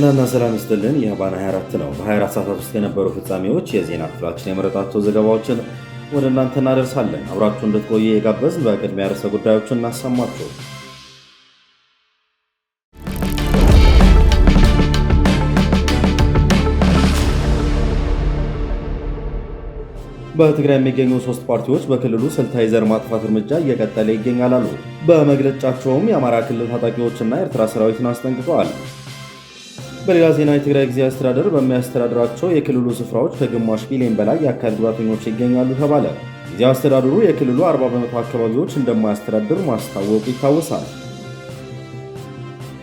ጤናና ሰላም ይስጥልን። ይህ ባና 24 ነው። በ24 ሰዓታት ውስጥ የነበሩ ፍጻሜዎች የዜና ክፍላችን የመረጣቸው ዘገባዎችን ወደ እናንተ እናደርሳለን። አብራችሁ እንድትቆየ የጋበዝን። በቅድሚያ ርዕሰ ጉዳዮችን እናሰማችሁ። በትግራይ የሚገኙ ሶስት ፓርቲዎች በክልሉ ስልታዊ ዘር ማጥፋት እርምጃ እየቀጠለ ይገኛል አሉ። በመግለጫቸውም የአማራ ክልል ታጣቂዎችና ኤርትራ ሰራዊትን አስጠንቅቀዋል። በሌላ ዜና የትግራይ ጊዜ አስተዳደር በሚያስተዳድራቸው የክልሉ ስፍራዎች ከግማሽ ቢሊየን በላይ የአካል ጉዳተኞች ይገኛሉ ተባለ። ጊዜ አስተዳደሩ የክልሉ 40 በመቶ አካባቢዎች እንደማያስተዳድር ማስታወቁ ይታወሳል።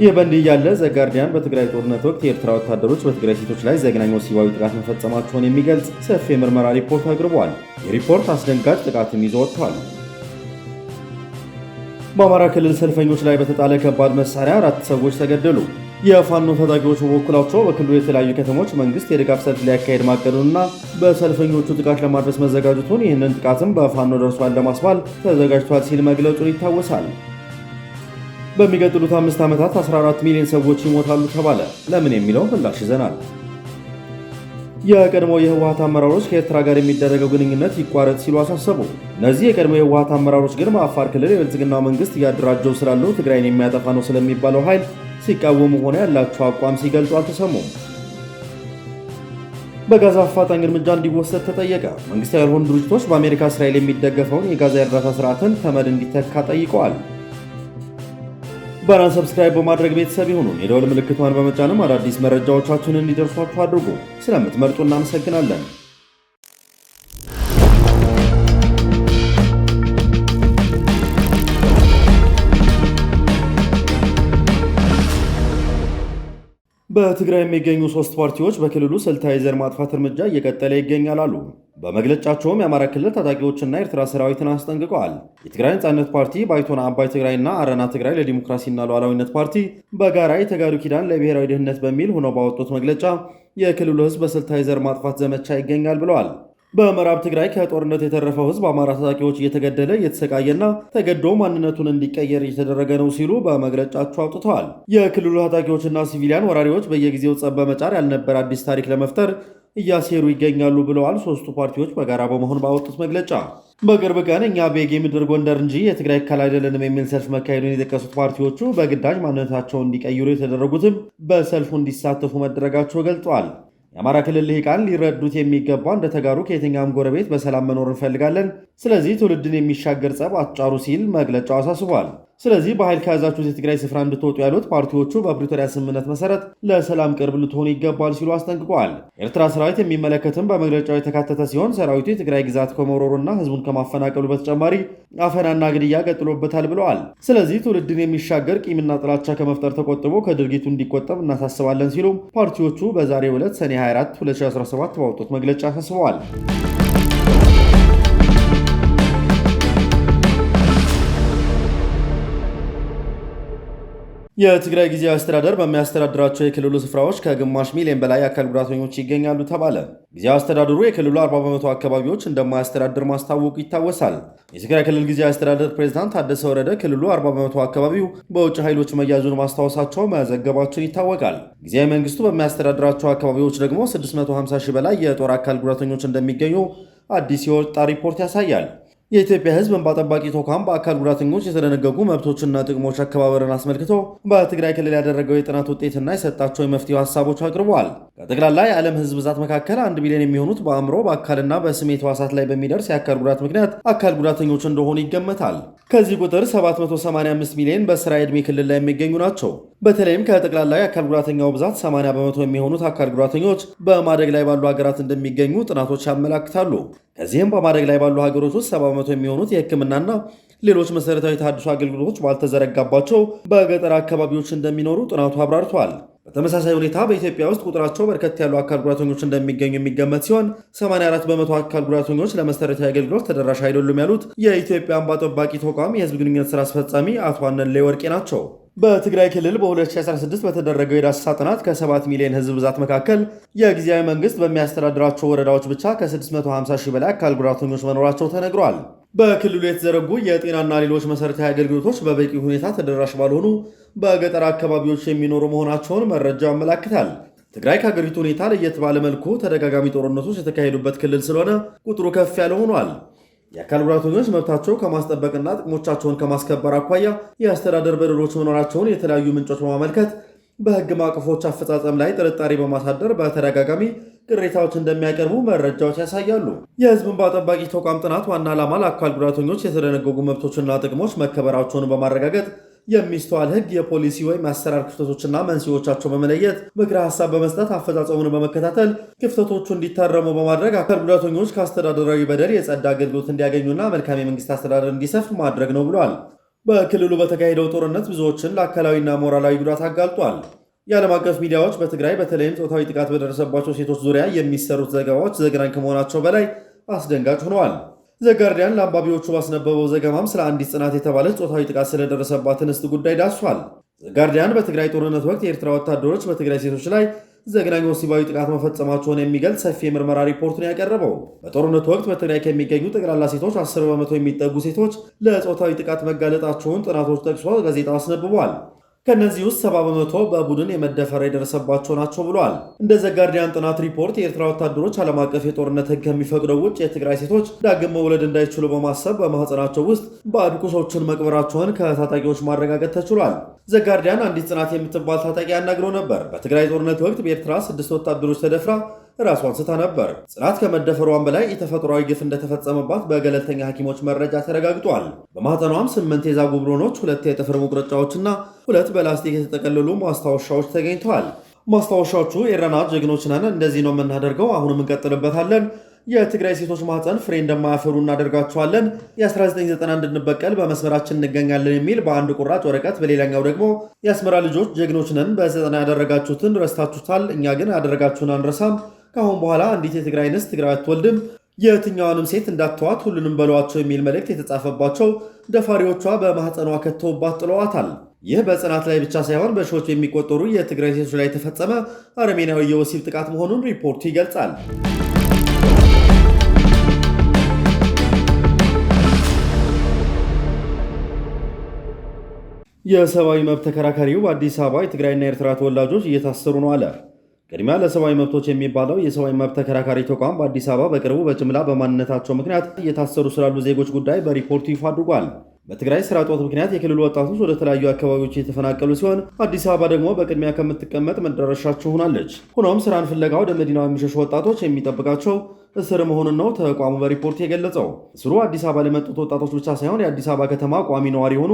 ይህ በእንዲህ እያለ ዘጋርዲያን በትግራይ ጦርነት ወቅት የኤርትራ ወታደሮች በትግራይ ሴቶች ላይ ዘግናኝ ወሲባዊ ጥቃት መፈጸማቸውን የሚገልጽ ሰፊ የምርመራ ሪፖርት አቅርቧል። የሪፖርት አስደንጋጭ ጥቃትም ይዞ ወጥቷል። በአማራ ክልል ሰልፈኞች ላይ በተጣለ ከባድ መሳሪያ አራት ሰዎች ተገደሉ። የፋኖ ታጣቂዎች በበኩላቸው በክልሉ የተለያዩ ከተሞች መንግስት የድጋፍ ሰልፍ ሊያካሄድ ማቀዱንና በሰልፈኞቹ ጥቃት ለማድረስ መዘጋጀቱን ይህንን ጥቃትም በፋኖ ደርሷል ለማስባል ተዘጋጅቷል ሲል መግለጹን ይታወሳል። በሚቀጥሉት አምስት ዓመታት 14 ሚሊዮን ሰዎች ይሞታሉ ተባለ። ለምን የሚለው ምላሽ ይዘናል። የቀድሞ የህወሀት አመራሮች ከኤርትራ ጋር የሚደረገው ግንኙነት ይቋረጥ ሲሉ አሳሰቡ። እነዚህ የቀድሞ የህወሀት አመራሮች ግን በአፋር ክልል የብልጽግናው መንግስት እያደራጀው ስላለው ትግራይን የሚያጠፋ ነው ስለሚባለው ኃይል ሲቃወሙ ሆነ ያላቸው አቋም ሲገልጹ አልተሰሙም። በጋዛ አፋጣኝ እርምጃ እንዲወሰድ ተጠየቀ። መንግስታዊ ያልሆኑ ድርጅቶች በአሜሪካ እስራኤል የሚደገፈውን የጋዛ የእርዳታ ስርዓትን ተመድ እንዲተካ ጠይቀዋል። ባናን ሰብስክራይብ በማድረግ ቤተሰብ ይሁኑን። የደወል ምልክቷን በመጫንም አዳዲስ መረጃዎቻችን እንዲደርሷችሁ አድርጉ። ስለምትመርጡ እናመሰግናለን። በትግራይ የሚገኙ ሶስት ፓርቲዎች በክልሉ ስልታዊ ዘር ማጥፋት እርምጃ እየቀጠለ ይገኛል አሉ። በመግለጫቸውም የአማራ ክልል ታጣቂዎችና ኤርትራ ሰራዊትን አስጠንቅቀዋል። የትግራይ ነጻነት ፓርቲ፣ ባይቶና አባይ ትግራይና አረና ትግራይ ለዲሞክራሲና ሉዓላዊነት ፓርቲ በጋራ የተጋሩ ኪዳን ለብሔራዊ ደህንነት በሚል ሆነው ባወጡት መግለጫ የክልሉ ህዝብ በስልታዊ ዘር ማጥፋት ዘመቻ ይገኛል ብለዋል። በምዕራብ ትግራይ ከጦርነት የተረፈው ህዝብ አማራ ታጣቂዎች እየተገደለ እየተሰቃየና ተገዶ ማንነቱን እንዲቀየር እየተደረገ ነው ሲሉ በመግለጫቸው አውጥተዋል። የክልሉ ታጣቂዎችና ሲቪሊያን ወራሪዎች በየጊዜው ጸብ በመጫር ያልነበረ አዲስ ታሪክ ለመፍጠር እያሴሩ ይገኛሉ ብለዋል። ሶስቱ ፓርቲዎች በጋራ በመሆን ባወጡት መግለጫ በቅርብ ቀን እኛ ቤጌ ምድር ጎንደር እንጂ የትግራይ ክልል አይደለንም የሚል ሰልፍ መካሄዱን የጠቀሱት ፓርቲዎቹ በግዳጅ ማንነታቸውን እንዲቀይሩ የተደረጉትም በሰልፉ እንዲሳተፉ መደረጋቸው ገልጠዋል። የአማራ ክልል ልሂቃን ሊረዱት የሚገባው እንደ ተጋሩ ከየትኛውም ጎረቤት በሰላም መኖር እንፈልጋለን ስለዚህ ትውልድን የሚሻገር ጸብ አትጫሩ ሲል መግለጫው አሳስቧል። ስለዚህ በኃይል ከያዛችሁት የትግራይ ስፍራ እንድትወጡ ያሉት ፓርቲዎቹ በፕሪቶሪያ ስምምነት መሰረት ለሰላም ቅርብ ልትሆኑ ይገባል ሲሉ አስጠንቅቋል። ኤርትራ ሰራዊት የሚመለከትም በመግለጫው የተካተተ ሲሆን ሰራዊቱ የትግራይ ግዛት ከመውረሩና ህዝቡን ከማፈናቀሉ በተጨማሪ አፈናና ግድያ ቀጥሎበታል ብለዋል። ስለዚህ ትውልድን የሚሻገር ቂምና ጥላቻ ከመፍጠር ተቆጥቦ ከድርጊቱ እንዲቆጠብ እናሳስባለን ሲሉም ፓርቲዎቹ በዛሬ ዕለት ሰኔ 24 2017 ባወጡት መግለጫ አሳስበዋል። የትግራይ ጊዜያዊ አስተዳደር በሚያስተዳድራቸው የክልሉ ስፍራዎች ከግማሽ ሚሊዮን በላይ አካል ጉዳተኞች ይገኛሉ ተባለ። ጊዜያዊ አስተዳደሩ የክልሉ 40 በመቶ አካባቢዎች እንደማያስተዳድር ማስታወቁ ይታወሳል። የትግራይ ክልል ጊዜያዊ አስተዳደር ፕሬዝዳንት ታደሰ ወረደ ክልሉ 40 በመቶ አካባቢው በውጭ ኃይሎች መያዙን ማስታወሳቸው መዘገባችን ይታወቃል። ጊዜያዊ መንግስቱ በሚያስተዳድራቸው አካባቢዎች ደግሞ 650 ሺህ በላይ የጦር አካል ጉዳተኞች እንደሚገኙ አዲስ የወጣ ሪፖርት ያሳያል። የኢትዮጵያ ህዝብ እንባ ጠባቂ ተቋም በአካል ጉዳተኞች የተደነገጉ መብቶችና ጥቅሞች አከባበርን አስመልክቶ በትግራይ ክልል ያደረገው የጥናት ውጤትና የሰጣቸው የመፍትሄ ሀሳቦች አቅርበዋል። ከጠቅላላ የዓለም ህዝብ ብዛት መካከል አንድ ሚሊዮን የሚሆኑት በአእምሮ በአካልና በስሜት ህዋሳት ላይ በሚደርስ የአካል ጉዳት ምክንያት አካል ጉዳተኞች እንደሆኑ ይገመታል። ከዚህ ቁጥር 785 ሚሊዮን በስራ ዕድሜ ክልል ላይ የሚገኙ ናቸው። በተለይም ከጠቅላላ የአካል ጉዳተኛው ብዛት 80 በመቶ የሚሆኑት አካል ጉዳተኞች በማደግ ላይ ባሉ ሀገራት እንደሚገኙ ጥናቶች ያመላክታሉ። ከዚህም በማደግ ላይ ባሉ ሀገሮች ውስጥ 70 በመቶ የሚሆኑት የሕክምናና ሌሎች መሰረታዊ ተሃድሶ አገልግሎቶች ባልተዘረጋባቸው በገጠር አካባቢዎች እንደሚኖሩ ጥናቱ አብራርቷል። በተመሳሳይ ሁኔታ በኢትዮጵያ ውስጥ ቁጥራቸው በርከት ያሉ አካል ጉዳተኞች እንደሚገኙ የሚገመት ሲሆን 84 በመቶ አካል ጉዳተኞች ለመሰረታዊ አገልግሎት ተደራሽ አይደሉም ያሉት የኢትዮጵያ እንባ ጠባቂ ተቋም የህዝብ ግንኙነት ስራ አስፈጻሚ አቶ አነሌ ወርቄ ናቸው። በትግራይ ክልል በ2016 በተደረገው የዳሰሳ ጥናት ከ7 ሚሊዮን ህዝብ ብዛት መካከል የጊዜያዊ መንግስት በሚያስተዳድራቸው ወረዳዎች ብቻ ከ650 ሺህ በላይ አካል ጉዳተኞች መኖራቸው ተነግሯል። በክልሉ የተዘረጉ የጤናና ሌሎች መሠረታዊ አገልግሎቶች በበቂ ሁኔታ ተደራሽ ባልሆኑ በገጠር አካባቢዎች የሚኖሩ መሆናቸውን መረጃው ያመላክታል። ትግራይ ከአገሪቱ ሁኔታ ለየት ባለ መልኩ ተደጋጋሚ ጦርነቶች የተካሄዱበት ክልል ስለሆነ ቁጥሩ ከፍ ያለ ሆኗል። የአካል ጉዳተኞች መብታቸው ከማስጠበቅና ጥቅሞቻቸውን ከማስከበር አኳያ የአስተዳደር በደሎች መኖራቸውን የተለያዩ ምንጮች በማመልከት በህግ ማዕቀፎች አፈጻጸም ላይ ጥርጣሬ በማሳደር በተደጋጋሚ ቅሬታዎች እንደሚያቀርቡ መረጃዎች ያሳያሉ። የሕዝብ እንባ ጠባቂ ተቋም ጥናት ዋና ዓላማ ለአካል ጉዳተኞች የተደነገጉ መብቶችና ጥቅሞች መከበራቸውን በማረጋገጥ የሚስተዋል ህግ የፖሊሲ ወይም አሰራር ክፍተቶችና መንስኤዎቻቸው በመለየት ምክረ ሀሳብ በመስጠት አፈጻጸሙን በመከታተል ክፍተቶቹ እንዲታረሙ በማድረግ አካል ጉዳተኞች ከአስተዳደራዊ በደል የጸዳ አገልግሎት እንዲያገኙና መልካም የመንግስት አስተዳደር እንዲሰፍ ማድረግ ነው ብሏል። በክልሉ በተካሄደው ጦርነት ብዙዎችን ለአካላዊና ሞራላዊ ጉዳት አጋልጧል። የዓለም አቀፍ ሚዲያዎች በትግራይ በተለይም ፆታዊ ጥቃት በደረሰባቸው ሴቶች ዙሪያ የሚሰሩት ዘገባዎች ዘግናኝ ከመሆናቸው በላይ አስደንጋጭ ሆነዋል። ዘጋርዲያን ለአንባቢዎቹ ባስነበበው ዘገባም ስለ አንዲት ጽናት የተባለ ጾታዊ ጥቃት ስለደረሰባት እንስት ጉዳይ ዳሷል። ዘጋርዲያን በትግራይ ጦርነት ወቅት የኤርትራ ወታደሮች በትግራይ ሴቶች ላይ ዘግናኝ ወሲባዊ ጥቃት መፈጸማቸውን የሚገልጽ ሰፊ የምርመራ ሪፖርቱን ያቀረበው በጦርነቱ ወቅት በትግራይ ከሚገኙ ጠቅላላ ሴቶች 10 በመቶ የሚጠጉ ሴቶች ለጾታዊ ጥቃት መጋለጣቸውን ጥናቶች ጠቅሶ ጋዜጣው አስነብቧል። ከእነዚህ ውስጥ ሰባ በመቶ በቡድን የመደፈር የደረሰባቸው ናቸው ብለዋል። እንደ ዘጋርዲያን ጥናት ሪፖርት የኤርትራ ወታደሮች ዓለም አቀፍ የጦርነት ሕግ ከሚፈቅደው ውጭ የትግራይ ሴቶች ዳግም መውለድ እንዳይችሉ በማሰብ በማህፀናቸው ውስጥ ባዕድ ቁሶችን መቅበራቸውን ከታጣቂዎች ማረጋገጥ ተችሏል። ዘጋርዲያን አንዲት ጽናት የምትባል ታጣቂ አናግረው ነበር። በትግራይ ጦርነት ወቅት በኤርትራ ስድስት ወታደሮች ተደፍራ ራሷን ስታ ነበር። ጽናት ከመደፈሯን በላይ የተፈጥሯዊ ግፍ እንደተፈጸመባት በገለልተኛ ሐኪሞች መረጃ ተረጋግጧል። በማህፀኗም ስምንት የዛጉ ብሎኖች፣ ሁለት የጥፍር መቁረጫዎችና ሁለት በላስቲክ የተጠቀለሉ ማስታወሻዎች ተገኝተዋል። ማስታወሻዎቹ ኤረና ጀግኖች ነን፣ እንደዚህ ነው የምናደርገው፣ አሁንም እንቀጥልበታለን የትግራይ ሴቶች ማህፀን ፍሬ እንደማያፈሩ እናደርጋቸዋለን፣ 1991 እንድንበቀል በመስመራችን እንገኛለን የሚል በአንድ ቁራጭ ወረቀት፣ በሌላኛው ደግሞ የአስመራ ልጆች ጀግኖች ነን፣ በዘጠና ያደረጋችሁትን ረስታችሁታል፣ እኛ ግን ያደረጋችሁን አንረሳም ከአሁን በኋላ አንዲት የትግራይ ንስ ትግራይ አትወልድም፣ የትኛዋንም ሴት እንዳትተዋት ሁሉንም በሏቸው የሚል መልእክት የተጻፈባቸው ደፋሪዎቿ በማህፀኗ ከተውባት ጥለዋታል። ይህ በጽናት ላይ ብቻ ሳይሆን በሺዎች የሚቆጠሩ የትግራይ ሴቶች ላይ የተፈጸመ አረሜናዊ የወሲብ ጥቃት መሆኑን ሪፖርቱ ይገልጻል። የሰብአዊ መብት ተከራካሪው በአዲስ አበባ የትግራይና ኤርትራ ተወላጆች እየታሰሩ ነው አለ። ቅድሚያ ለሰብአዊ መብቶች የሚባለው የሰብአዊ መብት ተከራካሪ ተቋም በአዲስ አበባ በቅርቡ በጅምላ በማንነታቸው ምክንያት እየታሰሩ ስላሉ ዜጎች ጉዳይ በሪፖርቱ ይፋ አድርጓል። በትግራይ ስራ ጦት ምክንያት የክልሉ ወጣቶች ወደ ተለያዩ አካባቢዎች የተፈናቀሉ ሲሆን አዲስ አበባ ደግሞ በቅድሚያ ከምትቀመጥ መዳረሻቸው ሆናለች። ሆኖም ስራን ፍለጋ ወደ መዲናው የሚሸሹ ወጣቶች የሚጠብቃቸው እስር መሆኑን ነው ተቋሙ በሪፖርት የገለጸው። እስሩ አዲስ አበባ ለመጡት ወጣቶች ብቻ ሳይሆን የአዲስ አበባ ከተማ ቋሚ ነዋሪ የሆኑ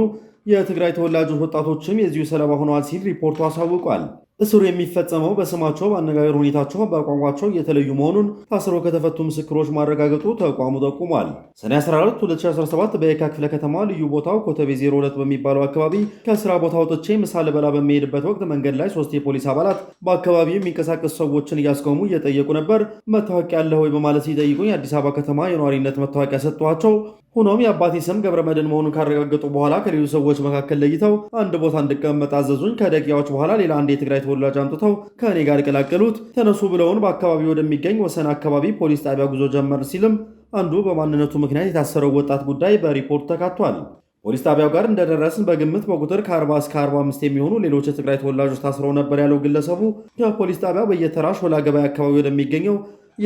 የትግራይ ተወላጆች ወጣቶችም የዚሁ ሰለባ ሆነዋል ሲል ሪፖርቱ አሳውቋል። እስሩ የሚፈጸመው በስማቸው፣ በአነጋገር ሁኔታቸው፣ በቋንቋቸው እየተለዩ መሆኑን ታስረው ከተፈቱ ምስክሮች ማረጋገጡ ተቋሙ ጠቁሟል። ሰኔ 14 2017 በየካ ክፍለ ከተማ ልዩ ቦታው ኮተቤ 02 በሚባለው አካባቢ ከስራ ቦታ ወጥቼ ምሳ ልበላ በሚሄድበት ወቅት መንገድ ላይ ሶስት የፖሊስ አባላት በአካባቢው የሚንቀሳቀሱ ሰዎችን እያስቆሙ እየጠየቁ ነበር። መታወቂያ ያለ ሆይ በማለት ሲጠይቁኝ አዲስ አበባ ከተማ የነዋሪነት መታወቂያ ሰጥቷቸው ሆኖም የአባቴ ስም ገብረ መድን መሆኑን ካረጋገጡ በኋላ ከሌሎች ሰዎች መካከል ለይተው አንድ ቦታ እንድቀመጥ አዘዙኝ። ከደቂቃዎች በኋላ ሌላ አንድ የትግራይ ተወላጅ አምጥተው ከእኔ ጋር ቀላቀሉት። ተነሱ ብለውን በአካባቢ ወደሚገኝ ወሰን አካባቢ ፖሊስ ጣቢያ ጉዞ ጀመር ሲልም አንዱ በማንነቱ ምክንያት የታሰረው ወጣት ጉዳይ በሪፖርት ተካቷል። ፖሊስ ጣቢያው ጋር እንደደረስን በግምት በቁጥር ከ40 እስከ 45 የሚሆኑ ሌሎች የትግራይ ተወላጆች ታስረው ነበር ያለው ግለሰቡ ከፖሊስ ጣቢያው በየተራ ሾላ ገበያ አካባቢ ወደሚገኘው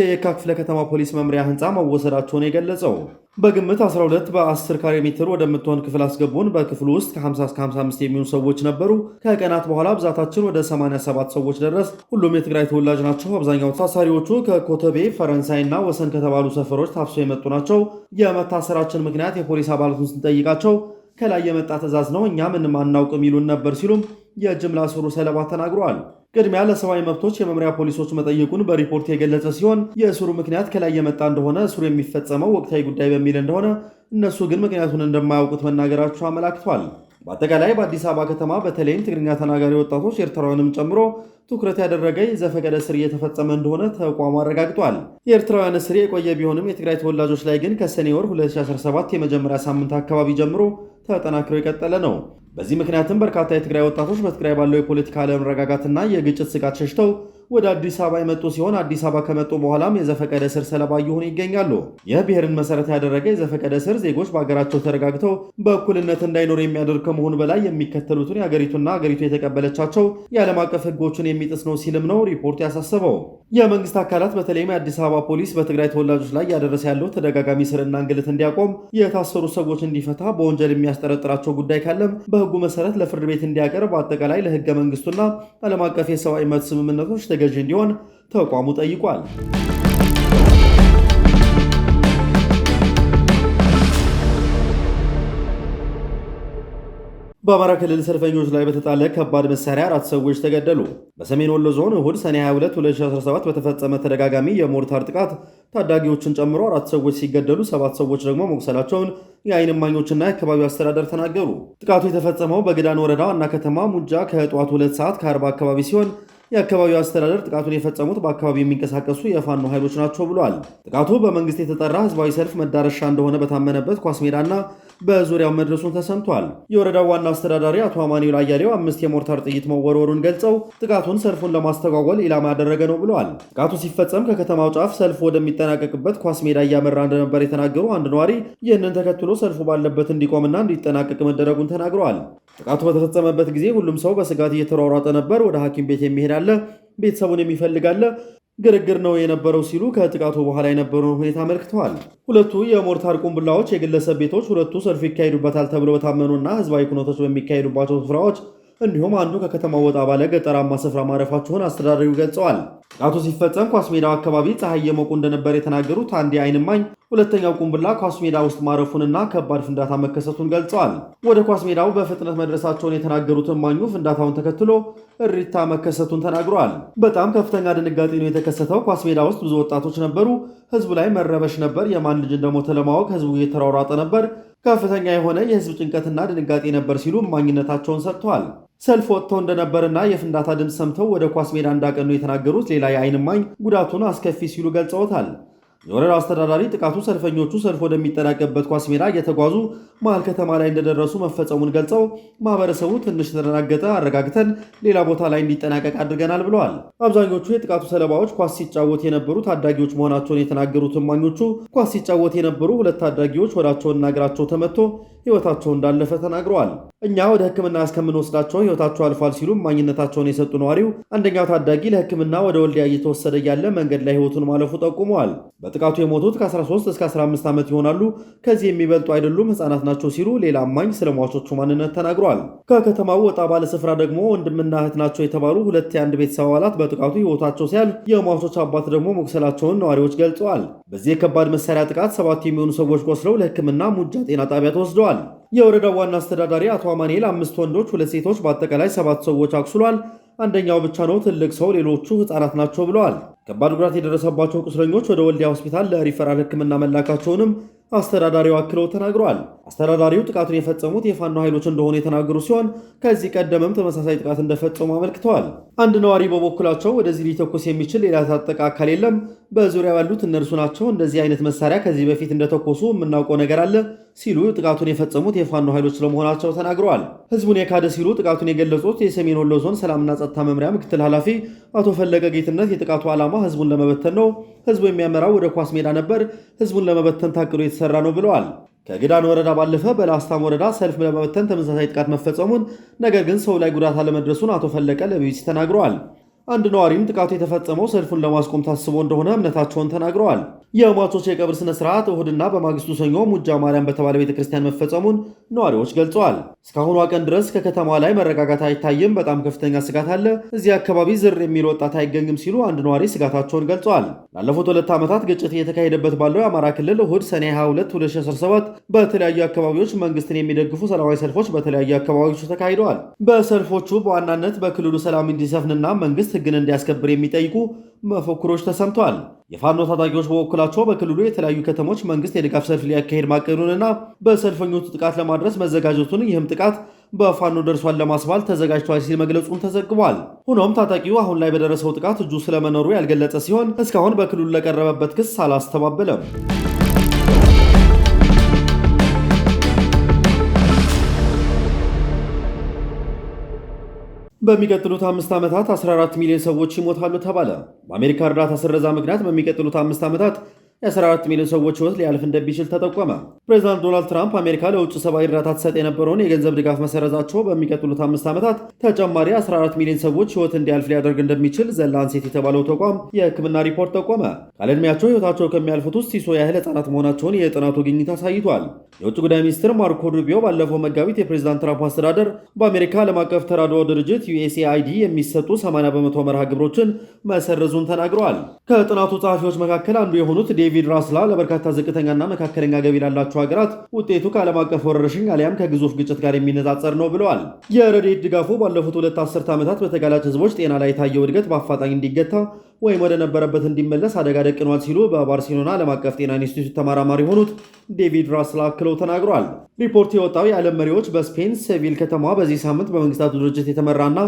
የየካ ክፍለ ከተማ ፖሊስ መምሪያ ህንፃ መወሰዳቸውን የገለጸው በግምት 12 በ10 ካሬ ሜትር ወደምትሆን ክፍል አስገቡን። በክፍሉ ውስጥ ከ50 እስከ 55 የሚሆኑ ሰዎች ነበሩ። ከቀናት በኋላ ብዛታችን ወደ 87 ሰዎች ደረስ። ሁሉም የትግራይ ተወላጅ ናቸው። አብዛኛው ታሳሪዎቹ ከኮተቤ ፈረንሳይና ወሰን ከተባሉ ሰፈሮች ታፍሶ የመጡ ናቸው። የመታሰራችን ምክንያት የፖሊስ አባላቱን ስንጠይቃቸው ከላይ የመጣ ትዕዛዝ ነው፣ እኛ ምንም አናውቅም ይሉን ነበር ሲሉም የጅምላ ስሩ ሰለባ ተናግረዋል። ቅድሚያ ለሰብአዊ መብቶች የመምሪያ ፖሊሶች መጠየቁን በሪፖርት የገለጸ ሲሆን የእስሩ ምክንያት ከላይ የመጣ እንደሆነ እስሩ የሚፈጸመው ወቅታዊ ጉዳይ በሚል እንደሆነ እነሱ ግን ምክንያቱን እንደማያውቁት መናገራቸው አመላክቷል። በአጠቃላይ በአዲስ አበባ ከተማ በተለይም ትግርኛ ተናጋሪ ወጣቶች ኤርትራውያንም ጨምሮ ትኩረት ያደረገ የዘፈቀደ እስር እየተፈጸመ እንደሆነ ተቋሙ አረጋግጧል። የኤርትራውያን እስር የቆየ ቢሆንም የትግራይ ተወላጆች ላይ ግን ከሰኔ ወር 2017 የመጀመሪያ ሳምንት አካባቢ ጀምሮ ተጠናክሮ የቀጠለ ነው። በዚህ ምክንያትም በርካታ የትግራይ ወጣቶች በትግራይ ባለው የፖለቲካ አለመረጋጋትና የግጭት ስጋት ሸሽተው ወደ አዲስ አበባ የመጡ ሲሆን አዲስ አበባ ከመጡ በኋላም የዘፈቀደ ስር ሰለባ እየሆኑ ይገኛሉ። የብሔርን መሰረት ያደረገ የዘፈቀደ ስር ዜጎች በሀገራቸው ተረጋግተው በእኩልነት እንዳይኖር የሚያደርግ ከመሆኑ በላይ የሚከተሉትን የሀገሪቱና አገሪቱ የተቀበለቻቸው የዓለም አቀፍ ህጎችን የሚጥስ ነው ሲልም ነው ሪፖርት ያሳሰበው። የመንግስት አካላት በተለይም የአዲስ አበባ ፖሊስ በትግራይ ተወላጆች ላይ እያደረሰ ያለው ተደጋጋሚ ስርና እንግልት እንዲያቆም፣ የታሰሩ ሰዎች እንዲፈታ፣ በወንጀል የሚያስጠረጥራቸው ጉዳይ ካለም በህጉ መሰረት ለፍርድ ቤት እንዲያቀርብ፣ በአጠቃላይ ለህገ መንግስቱና ዓለም አቀፍ የሰብአዊ መብት ስምምነቶች ተገዢ እንዲሆን ተቋሙ ጠይቋል። በአማራ ክልል ሰልፈኞች ላይ በተጣለ ከባድ መሳሪያ አራት ሰዎች ተገደሉ። በሰሜን ወሎ ዞን እሁድ ሰኔ 22 2017 በተፈጸመ ተደጋጋሚ የሞርታር ጥቃት ታዳጊዎችን ጨምሮ አራት ሰዎች ሲገደሉ ሰባት ሰዎች ደግሞ መቁሰላቸውን የአይን እማኞችና የአካባቢው አስተዳደር ተናገሩ። ጥቃቱ የተፈጸመው በግዳን ወረዳ ዋና ከተማ ሙጃ ከጠዋት 2 ሰዓት ከ40 አካባቢ ሲሆን የአካባቢው አስተዳደር ጥቃቱን የፈጸሙት በአካባቢው የሚንቀሳቀሱ የፋኖ ኃይሎች ናቸው ብሏል። ጥቃቱ በመንግስት የተጠራ ህዝባዊ ሰልፍ መዳረሻ እንደሆነ በታመነበት ኳስ ሜዳና በዙሪያው መድረሱን ተሰምቷል። የወረዳው ዋና አስተዳዳሪ አቶ አማኑኤል አያሌው አምስት የሞርታር ጥይት መወርወሩን ገልጸው ጥቃቱን ሰልፉን ለማስተጓጎል ኢላማ ያደረገ ነው ብለዋል። ጥቃቱ ሲፈጸም ከከተማው ጫፍ ሰልፉ ወደሚጠናቀቅበት ኳስ ሜዳ እያመራ እንደነበር የተናገሩ አንድ ነዋሪ ይህንን ተከትሎ ሰልፉ ባለበት እንዲቆምና እንዲጠናቀቅ መደረጉን ተናግረዋል። ጥቃቱ በተፈጸመበት ጊዜ ሁሉም ሰው በስጋት እየተሯሯጠ ነበር። ወደ ሐኪም ቤት የሚሄድ አለ፣ ቤተሰቡን የሚፈልግ አለ። ግርግር ነው የነበረው ሲሉ ከጥቃቱ በኋላ የነበረውን ሁኔታ አመልክተዋል። ሁለቱ የሞርታር ቁምብላዎች የግለሰብ ቤቶች ሁለቱ ሰልፍ ይካሄዱበታል ተብሎ በታመኑና ህዝባዊ ኩነቶች በሚካሄዱባቸው ስፍራዎች እንዲሁም አንዱ ከከተማው ወጣ ባለ ገጠራማ ስፍራ ማረፋቸውን አስተዳዳሪው ገልጸዋል። ጥቃቱ ሲፈጸም ኳስ ሜዳው አካባቢ ፀሐይ እየሞቁ እንደነበር የተናገሩት አንድ የዓይን እማኝ ሁለተኛው ቁምብላ ኳስ ሜዳ ውስጥ ማረፉንና ከባድ ፍንዳታ መከሰቱን ገልጸዋል። ወደ ኳስ ሜዳው በፍጥነት መድረሳቸውን የተናገሩት እማኙ ፍንዳታውን ተከትሎ እሪታ መከሰቱን ተናግረዋል። በጣም ከፍተኛ ድንጋጤ ነው የተከሰተው። ኳስ ሜዳ ውስጥ ብዙ ወጣቶች ነበሩ። ህዝቡ ላይ መረበሽ ነበር። የማን ልጅ እንደሞተ ለማወቅ ህዝቡ እየተሯሯጠ ነበር። ከፍተኛ የሆነ የህዝብ ጭንቀትና ድንጋጤ ነበር ሲሉ እማኝነታቸውን ሰጥተዋል። ሰልፍ ወጥተው እንደነበርና የፍንዳታ ድምፅ ሰምተው ወደ ኳስ ሜዳ እንዳቀኑ የተናገሩት ሌላ የአይን እማኝ ጉዳቱን አስከፊ ሲሉ ገልጸውታል። የወረዳው አስተዳዳሪ ጥቃቱ ሰልፈኞቹ ሰልፍ ወደሚጠናቀበት ኳስ ሜዳ እየተጓዙ መሃል ከተማ ላይ እንደደረሱ መፈጸሙን ገልጸው ማህበረሰቡ ትንሽ ተደናገጠ፣ አረጋግተን ሌላ ቦታ ላይ እንዲጠናቀቅ አድርገናል ብለዋል። አብዛኞቹ የጥቃቱ ሰለባዎች ኳስ ሲጫወት የነበሩ ታዳጊዎች መሆናቸውን የተናገሩት እማኞቹ ኳስ ሲጫወት የነበሩ ሁለት ታዳጊዎች ወዳቸውና እግራቸው ተመቶ ሕይወታቸው እንዳለፈ ተናግረዋል። እኛ ወደ ህክምና እስከምንወስዳቸው ህይወታቸው አልፏል ሲሉ ማኝነታቸውን የሰጡ ነዋሪው አንደኛው ታዳጊ ለህክምና ወደ ወልዲያ እየተወሰደ እያለ መንገድ ላይ ህይወቱን ማለፉ ጠቁመዋል። በጥቃቱ የሞቱት ከ13 እስከ 15 ዓመት ይሆናሉ፣ ከዚህ የሚበልጡ አይደሉም፣ ህፃናት ናቸው ሲሉ ሌላ አማኝ ስለ ሟቾቹ ማንነት ተናግሯል። ከከተማው ወጣ ባለ ስፍራ ደግሞ ወንድምና እህት ናቸው የተባሉ ሁለት የአንድ ቤተሰብ አባላት በጥቃቱ ህይወታቸው ሲያልፍ የሟቾች አባት ደግሞ መቁሰላቸውን ነዋሪዎች ገልጸዋል። በዚህ የከባድ መሳሪያ ጥቃት ሰባት የሚሆኑ ሰዎች ቆስለው ለህክምና ሙጃ ጤና ጣቢያ ተወስደዋል። የወረዳው ዋና አስተዳዳሪ አቶ አማኑኤል አምስት ወንዶች፣ ሁለት ሴቶች በአጠቃላይ ሰባት ሰዎች አቁስሏል። አንደኛው ብቻ ነው ትልቅ ሰው፣ ሌሎቹ ህፃናት ናቸው ብለዋል። ከባድ ጉዳት የደረሰባቸው ቁስለኞች ወደ ወልዲያ ሆስፒታል ለሪፈራል ሕክምና መላካቸውንም አስተዳዳሪው አክለው ተናግረዋል። አስተዳዳሪው ጥቃቱን የፈጸሙት የፋኖ ኃይሎች እንደሆኑ የተናገሩ ሲሆን ከዚህ ቀደምም ተመሳሳይ ጥቃት እንደፈጸሙ አመልክተዋል። አንድ ነዋሪ በበኩላቸው ወደዚህ ሊተኮስ የሚችል ሌላ ታጠቀ አካል የለም፣ በዙሪያው ያሉት እነርሱ ናቸው፣ እንደዚህ አይነት መሳሪያ ከዚህ በፊት እንደተኮሱ የምናውቀው ነገር አለ ሲሉ ጥቃቱን የፈጸሙት የፋኖ ኃይሎች ስለመሆናቸው ተናግረዋል። ህዝቡን የካደ ሲሉ ጥቃቱን የገለጹት የሰሜን ወሎ ዞን ሰላምና ጸጥታ መምሪያ ምክትል ኃላፊ አቶ ፈለቀ ጌትነት የጥቃቱ ዓላማ ዓላማ ህዝቡን ለመበተን ነው። ህዝቡ የሚያመራው ወደ ኳስ ሜዳ ነበር። ህዝቡን ለመበተን ታቅዶ የተሰራ ነው ብለዋል። ከግዳን ወረዳ ባለፈ በላስታም ወረዳ ሰልፍ ለመበተን ተመሳሳይ ጥቃት መፈጸሙን ነገር ግን ሰው ላይ ጉዳት አለመድረሱን አቶ ፈለቀ ለቢቢሲ ተናግረዋል። አንድ ነዋሪም ጥቃቱ የተፈጸመው ሰልፉን ለማስቆም ታስቦ እንደሆነ እምነታቸውን ተናግረዋል። የሟቾች የቀብር ስነ ስርዓት እሁድና በማግስቱ ሰኞ ሙጃ ማርያም በተባለ ቤተ ክርስቲያን መፈጸሙን ነዋሪዎች ገልጸዋል። እስካሁኗ ቀን ድረስ ከከተማዋ ላይ መረጋጋት አይታይም፣ በጣም ከፍተኛ ስጋት አለ፣ እዚህ አካባቢ ዝር የሚል ወጣት አይገኝም ሲሉ አንድ ነዋሪ ስጋታቸውን ገልጸዋል። ላለፉት ሁለት ዓመታት ግጭት እየተካሄደበት ባለው የአማራ ክልል እሁድ ሰኔ 22 2017 በተለያዩ አካባቢዎች መንግስትን የሚደግፉ ሰላማዊ ሰልፎች በተለያዩ አካባቢዎች ተካሂደዋል። በሰልፎቹ በዋናነት በክልሉ ሰላም እንዲሰፍንና መንግስት ህግን እንዲያስከብር የሚጠይቁ መፈክሮች ተሰምተዋል። የፋኖ ታጣቂዎች በበኩላቸው በክልሉ የተለያዩ ከተሞች መንግስት የድጋፍ ሰልፍ ሊያካሄድ ማቀዱንና በሰልፈኞቹ ጥቃት ለማድረስ መዘጋጀቱን ይህም ጥቃት በፋኖ ደርሷን ለማስባል ተዘጋጅቷል ሲል መግለጹን ተዘግቧል። ሆኖም ታጣቂው አሁን ላይ በደረሰው ጥቃት እጁ ስለመኖሩ ያልገለጸ ሲሆን እስካሁን በክልሉ ለቀረበበት ክስ አላስተባበለም። በሚቀጥሉት አምስት ዓመታት 14 ሚሊዮን ሰዎች ይሞታሉ ተባለ። በአሜሪካ እርዳታ ስረዛ ምክንያት በሚቀጥሉት አምስት ዓመታት የ14 ሚሊዮን ሰዎች ህይወት ሊያልፍ እንደሚችል ተጠቆመ። ፕሬዚዳንት ዶናልድ ትራምፕ አሜሪካ ለውጭ ሰብአዊ እርዳታ ትሰጥ የነበረውን የገንዘብ ድጋፍ መሰረዛቸው በሚቀጥሉት አምስት ዓመታት ተጨማሪ 14 ሚሊዮን ሰዎች ህይወት እንዲያልፍ ሊያደርግ እንደሚችል ዘላንሴት የተባለው ተቋም የህክምና ሪፖርት ጠቆመ። ካለዕድሜያቸው ህይወታቸው ከሚያልፉት ውስጥ ሲሶ ያህል ህጻናት መሆናቸውን የጥናቱ ግኝት አሳይቷል። የውጭ ጉዳይ ሚኒስትር ማርኮ ሩቢዮ ባለፈው መጋቢት የፕሬዚዳንት ትራምፕ አስተዳደር በአሜሪካ ዓለም አቀፍ ተራድኦ ድርጅት ዩኤስኤአይዲ የሚሰጡ 80 በመቶ መርሃ ግብሮችን መሰረዙን ተናግረዋል። ከጥናቱ ጸሐፊዎች መካከል አንዱ የሆኑት ዴቪድ ራስላ ለበርካታ ዝቅተኛና መካከለኛ ገቢ ላላቸው ሀገራት ውጤቱ ከዓለም አቀፍ ወረርሽኝ አሊያም ከግዙፍ ግጭት ጋር የሚነጻጸር ነው ብለዋል። የረድኤት ድጋፉ ባለፉት ሁለት አስርተ ዓመታት በተጋላጭ ህዝቦች ጤና ላይ የታየው እድገት በአፋጣኝ እንዲገታ ወይም ወደ ነበረበት እንዲመለስ አደጋ ደቅኗል ሲሉ በባርሴሎና ዓለም አቀፍ ጤና ኢንስቲትዩት ተመራማሪ የሆኑት ዴቪድ ራስላ አክለው ተናግሯል። ሪፖርት የወጣው የዓለም መሪዎች በስፔን ሴቪል ከተማ በዚህ ሳምንት በመንግስታቱ ድርጅት የተመራና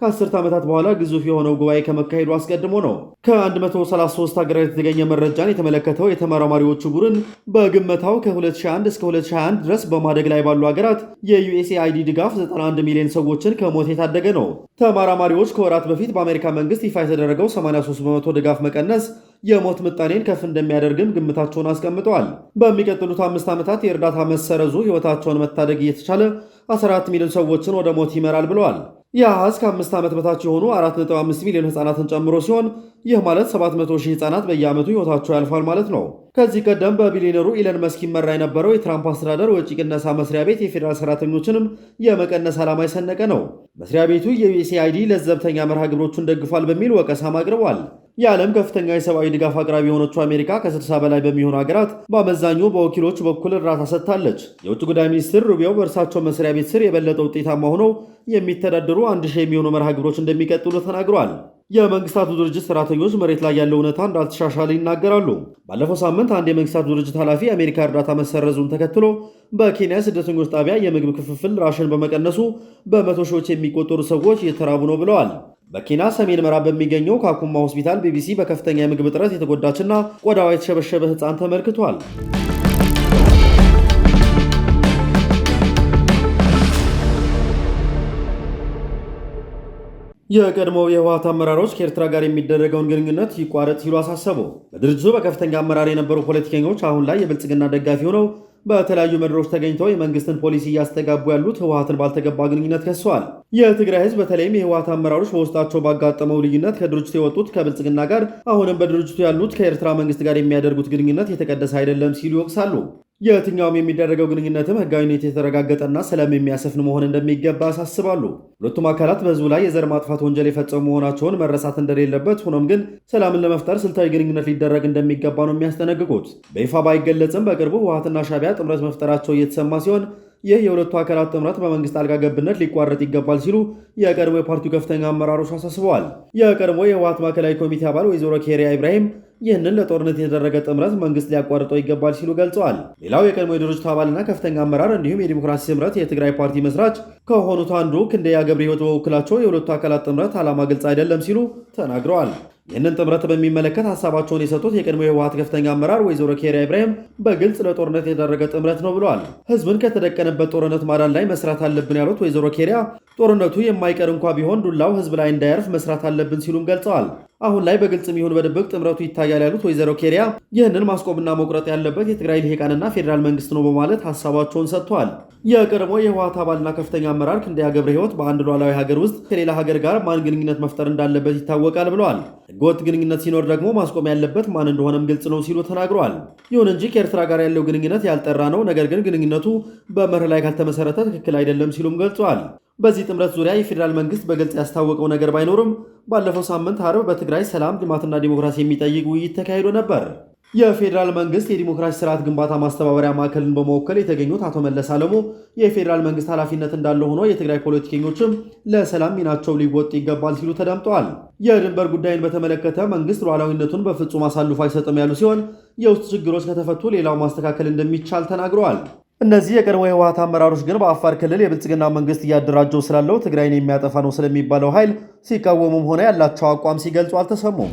ከአስርት ዓመታት በኋላ ግዙፍ የሆነው ጉባኤ ከመካሄዱ አስቀድሞ ነው። ከ133 ሀገራት የተገኘ መረጃን የተመለከተው የተመራማሪዎቹ ቡድን በግምታው ከ2001 እስከ 2021 ድረስ በማደግ ላይ ባሉ ሀገራት የዩኤስኤአይዲ ድጋፍ 91 ሚሊዮን ሰዎችን ከሞት የታደገ ነው። ተመራማሪዎች ከወራት በፊት በአሜሪካ መንግስት ይፋ የተደረገው 83 በመቶ ድጋፍ መቀነስ የሞት ምጣኔን ከፍ እንደሚያደርግም ግምታቸውን አስቀምጠዋል። በሚቀጥሉት አምስት ዓመታት የእርዳታ መሰረዙ ሕይወታቸውን መታደግ እየተቻለ 14 ሚሊዮን ሰዎችን ወደ ሞት ይመራል ብለዋል። ያ እስከ አምስት ዓመት በታች የሆኑ 4.5 ሚሊዮን ህፃናትን ጨምሮ ሲሆን ይህ ማለት 700 ሺህ በየዓመቱ ህይወታቸው ያልፋል ማለት ነው። ከዚህ ቀደም በቢሊዮነሩ ኢለን መስክ ይመራ የነበረው የትራምፕ አስተዳደር ወጪ ቅነሳ መስሪያ ቤት የፌዴራል ሰራተኞችንም የመቀነስ ዓላማ የሰነቀ ነው። መስሪያ ቤቱ የዩኤስአይዲ ለዘብተኛ መርሃ ግብሮቹን ደግፏል በሚል ወቀሳም አቅርቧል። የዓለም ከፍተኛ የሰብአዊ ድጋፍ አቅራቢ የሆነችው አሜሪካ ከ60 በላይ በሚሆኑ ሀገራት በአመዛኙ በወኪሎች በኩል እርዳታ ሰጥታለች። የውጭ ጉዳይ ሚኒስትር ሩቢዮ በእርሳቸው መስሪያ ቤት ስር የበለጠ ውጤታማ ሆነው የሚተዳደሩ አንድ ሺህ የሚሆኑ መርሃ ግብሮች እንደሚቀጥሉ ተናግሯል። የመንግስታቱ ድርጅት ሰራተኞች መሬት ላይ ያለው እውነታ እንዳልተሻሻለ ይናገራሉ። ባለፈው ሳምንት አንድ የመንግስታቱ ድርጅት ኃላፊ የአሜሪካ እርዳታ መሰረዙን ተከትሎ በኬንያ ስደተኞች ጣቢያ የምግብ ክፍፍል ራሽን በመቀነሱ በመቶ ሺዎች የሚቆጠሩ ሰዎች እየተራቡ ነው ብለዋል። በኬንያ ሰሜን ምዕራብ በሚገኘው ካኩማ ሆስፒታል ቢቢሲ በከፍተኛ የምግብ እጥረት የተጎዳችና ቆዳዋ የተሸበሸበ ህፃን ተመልክቷል። የቀድሞው የህወሓት አመራሮች ከኤርትራ ጋር የሚደረገውን ግንኙነት ይቋረጥ ሲሉ አሳሰቡ። በድርጅቱ በከፍተኛ አመራር የነበሩ ፖለቲከኞች አሁን ላይ የብልጽግና ደጋፊ ሆነው በተለያዩ መድረኮች ተገኝተው የመንግስትን ፖሊሲ እያስተጋቡ ያሉት ህወሀትን ባልተገባ ግንኙነት ከሰዋል። የትግራይ ህዝብ በተለይም የህወሀት አመራሮች በውስጣቸው ባጋጠመው ልዩነት ከድርጅቱ የወጡት ከብልጽግና ጋር፣ አሁንም በድርጅቱ ያሉት ከኤርትራ መንግስት ጋር የሚያደርጉት ግንኙነት የተቀደሰ አይደለም ሲሉ ይወቅሳሉ። የትኛውም የሚደረገው ግንኙነትም ህጋዊነት የተረጋገጠና ሰላም የሚያሰፍን መሆን እንደሚገባ ያሳስባሉ። ሁለቱም አካላት በህዝቡ ላይ የዘር ማጥፋት ወንጀል የፈጸሙ መሆናቸውን መረሳት እንደሌለበት፣ ሆኖም ግን ሰላምን ለመፍጠር ስልታዊ ግንኙነት ሊደረግ እንደሚገባ ነው የሚያስጠነቅቁት። በይፋ ባይገለጽም በቅርቡ ህወሓትና ሻዕቢያ ጥምረት መፍጠራቸው እየተሰማ ሲሆን ይህ የሁለቱ አካላት ጥምረት በመንግስት አልጋ ገብነት ሊቋረጥ ይገባል ሲሉ የቀድሞ የፓርቲው ከፍተኛ አመራሮች አሳስበዋል። የቀድሞ የህወሓት ማዕከላዊ ኮሚቴ አባል ወይዘሮ ኬሪያ ኢብራሂም ይህንን ለጦርነት የተደረገ ጥምረት መንግስት ሊያቋርጠው ይገባል ሲሉ ገልጸዋል። ሌላው የቀድሞ የድርጅቱ አባልና ከፍተኛ አመራር እንዲሁም የዲሞክራሲ ስምረት የትግራይ ፓርቲ መስራች ከሆኑት አንዱ ክንደያ ገብረ ህይወት በበኩላቸው የሁለቱ አካላት ጥምረት ዓላማ ግልጽ አይደለም ሲሉ ተናግረዋል። ይህንን ጥምረት በሚመለከት ሀሳባቸውን የሰጡት የቀድሞ የህወሀት ከፍተኛ አመራር ወይዘሮ ኬሪያ ኢብራሂም በግልጽ ለጦርነት የተደረገ ጥምረት ነው ብለዋል። ህዝብን ከተደቀነበት ጦርነት ማዳን ላይ መስራት አለብን ያሉት ወይዘሮ ኬሪያ ጦርነቱ የማይቀር እንኳ ቢሆን ዱላው ህዝብ ላይ እንዳያርፍ መስራት አለብን ሲሉም ገልጸዋል። አሁን ላይ በግልጽም ይሁን በድብቅ ጥምረቱ ይታያል ያሉት ወይዘሮ ኬሪያ ይህንን ማስቆምና መቁረጥ ያለበት የትግራይ ልሂቃንና ፌዴራል መንግስት ነው በማለት ሀሳባቸውን ሰጥተዋል። የቀድሞ የህወሓት አባልና ከፍተኛ አመራር ክንደያ ገብረ ህይወት በአንድ ሉዓላዊ ሀገር ውስጥ ከሌላ ሀገር ጋር ማን ግንኙነት መፍጠር እንዳለበት ይታወቃል ብለዋል። ህገወጥ ግንኙነት ሲኖር ደግሞ ማስቆም ያለበት ማን እንደሆነም ግልጽ ነው ሲሉ ተናግረዋል። ይሁን እንጂ ከኤርትራ ጋር ያለው ግንኙነት ያልጠራ ነው፣ ነገር ግን ግንኙነቱ በመርህ ላይ ካልተመሰረተ ትክክል አይደለም ሲሉም ገልጸዋል። በዚህ ጥምረት ዙሪያ የፌዴራል መንግስት በግልጽ ያስታወቀው ነገር ባይኖርም ባለፈው ሳምንት አርብ በትግራይ ሰላም ልማትና ዲሞክራሲ የሚጠይቅ ውይይት ተካሂዶ ነበር። የፌዴራል መንግስት የዲሞክራሲ ስርዓት ግንባታ ማስተባበሪያ ማዕከልን በመወከል የተገኙት አቶ መለስ አለሙ የፌዴራል መንግስት ኃላፊነት እንዳለ ሆኖ የትግራይ ፖለቲከኞችም ለሰላም ሚናቸው ሊወጡ ይገባል ሲሉ ተደምጠዋል። የድንበር ጉዳይን በተመለከተ መንግስት ሉዓላዊነቱን በፍጹም አሳልፎ አይሰጥም ያሉ ሲሆን የውስጥ ችግሮች ከተፈቱ ሌላው ማስተካከል እንደሚቻል ተናግረዋል። እነዚህ የቀድሞ የህወሓት አመራሮች ግን በአፋር ክልል የብልጽግና መንግስት እያደራጀው ስላለው ትግራይን የሚያጠፋ ነው ስለሚባለው ኃይል ሲቃወሙም ሆነ ያላቸው አቋም ሲገልጹ አልተሰሙም።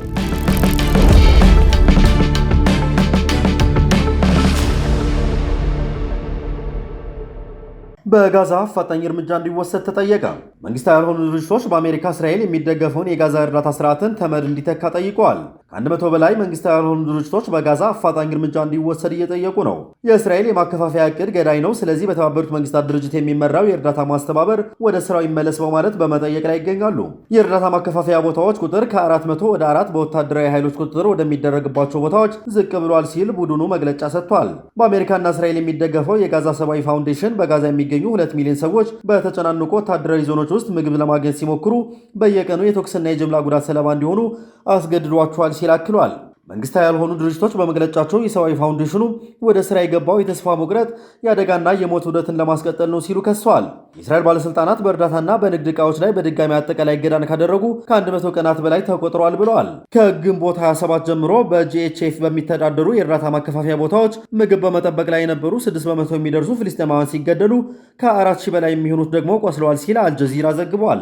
በጋዛ አፋጣኝ እርምጃ እንዲወሰድ ተጠየቀ። መንግስታዊ ያልሆኑ ድርጅቶች በአሜሪካ እስራኤል የሚደገፈውን የጋዛ እርዳታ ስርዓትን ተመድ እንዲተካ ጠይቀዋል። ከአንድ መቶ በላይ መንግስታዊ ያልሆኑ ድርጅቶች በጋዛ አፋጣኝ እርምጃ እንዲወሰድ እየጠየቁ ነው። የእስራኤል የማከፋፈያ እቅድ ገዳይ ነው፣ ስለዚህ በተባበሩት መንግስታት ድርጅት የሚመራው የእርዳታ ማስተባበር ወደ ስራው ይመለስ በማለት በመጠየቅ ላይ ይገኛሉ። የእርዳታ ማከፋፈያ ቦታዎች ቁጥር ከ400 ወደ አራት በወታደራዊ ኃይሎች ቁጥጥር ወደሚደረግባቸው ቦታዎች ዝቅ ብሏል ሲል ቡድኑ መግለጫ ሰጥቷል። በአሜሪካና እስራኤል የሚደገፈው የጋዛ ሰብአዊ ፋውንዴሽን በጋዛ የሚገኙ የሚገኙ ሁለት ሚሊዮን ሰዎች በተጨናነቁ ወታደራዊ ዞኖች ውስጥ ምግብ ለማግኘት ሲሞክሩ በየቀኑ የተኩስና የጅምላ ጉዳት ሰለባ እንዲሆኑ አስገድዷቸዋል ሲል አክሏል። መንግስታዊ ያልሆኑ ድርጅቶች በመግለጫቸው የሰብአዊ ፋውንዴሽኑ ወደ ስራ የገባው የተስፋ መቁረጥ የአደጋና የሞት ውደትን ለማስቀጠል ነው ሲሉ ከሰዋል። የእስራኤል ባለሥልጣናት በእርዳታና በንግድ ዕቃዎች ላይ በድጋሚ አጠቃላይ እገዳን ካደረጉ ከ100 ቀናት በላይ ተቆጥረዋል ብለዋል። ከግንቦት 27 ጀምሮ በጂኤችኤፍ በሚተዳደሩ የእርዳታ ማከፋፈያ ቦታዎች ምግብ በመጠበቅ ላይ የነበሩ 6 በመቶ የሚደርሱ ፍልስጤማውያን ሲገደሉ ከ4 በላይ የሚሆኑት ደግሞ ቆስለዋል ሲል አልጀዚራ ዘግቧል።